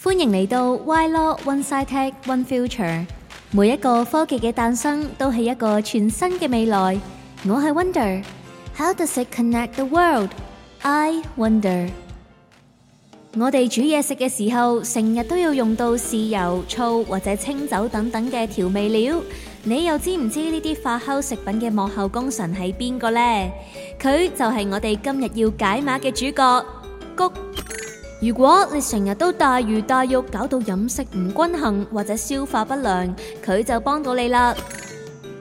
歡迎嚟到 Yolo One Tech One Future。每一個科技嘅誕生都係一個全新嘅未來。我係 Wonder。How does it connect the world? I wonder。我哋煮嘢食嘅時候，成日都要用到豉油、醋或者清酒等等嘅調味料。你又知唔知呢啲發酵食品嘅幕後功臣係邊個呢？佢就係我哋今日要解碼嘅主角麴。如果你成日都大魚大肉，搞到飲食唔均衡，或者消化不良，佢就幫到你啦。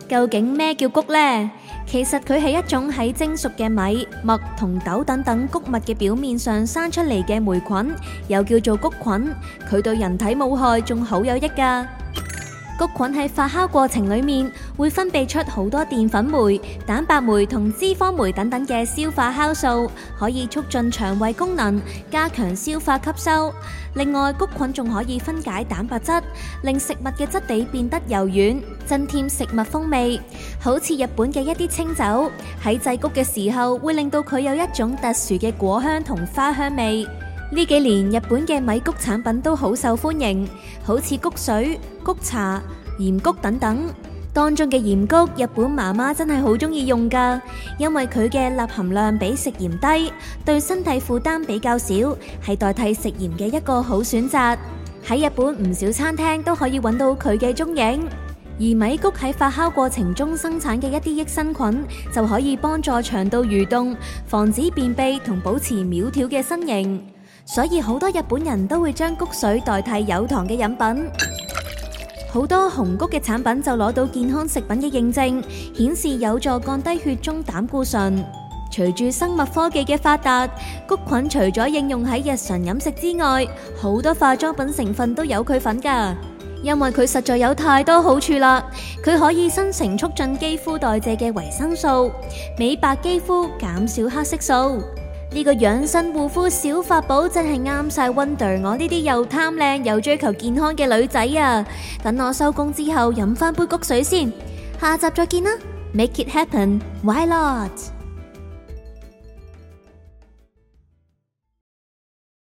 究竟咩叫麴呢？其實佢係一種喺蒸熟嘅米、麥同豆等等穀物嘅表面上生出嚟嘅黴菌，又叫做麴菌。佢對人體冇害，仲好有益㗎。麴菌喺發酵過程裏面會分泌出好多澱粉酶、蛋白酶同脂肪酶等等嘅消化酵素，可以促進腸胃功能，加強消化吸收。另外，麴菌仲可以分解蛋白質，令食物嘅質地變得柔軟，增添食物風味。好似日本嘅一啲清酒，喺製麴嘅時候會令到佢有一種特殊嘅果香同花香味。呢幾年日本嘅米麴產品都好受歡迎，好似麴水、麴茶、鹽麴等等。當中嘅鹽麴，日本媽媽真係好中意用㗎，因為佢嘅鈉含量比食鹽低，對身體負擔比較少，係代替食鹽嘅一個好選擇。喺日本唔少餐廳都可以搵到佢嘅蹤影。而米麴喺發酵過程中生產嘅一啲益生菌，就可以幫助腸道蠕動，防止便秘同保持苗條嘅身形。所以好多日本人都會將麴水代替有糖嘅飲品。好多紅麴嘅產品就攞到健康食品嘅認證，顯示有助降低血中膽固醇。隨住生物科技嘅發達，麴菌除咗應用喺日常飲食之外，好多化妝品成分都有佢份㗎，因為佢實在有太多好處啦。佢可以生成促進肌膚代謝嘅維生素，美白肌膚，減少黑色素。呢個養生護膚小法寶真係啱晒，Wonder 我呢啲又貪靚又追求健康嘅女仔啊！等我收工之後飲翻杯麴水先，下集再見啦！Make it happen，Why not？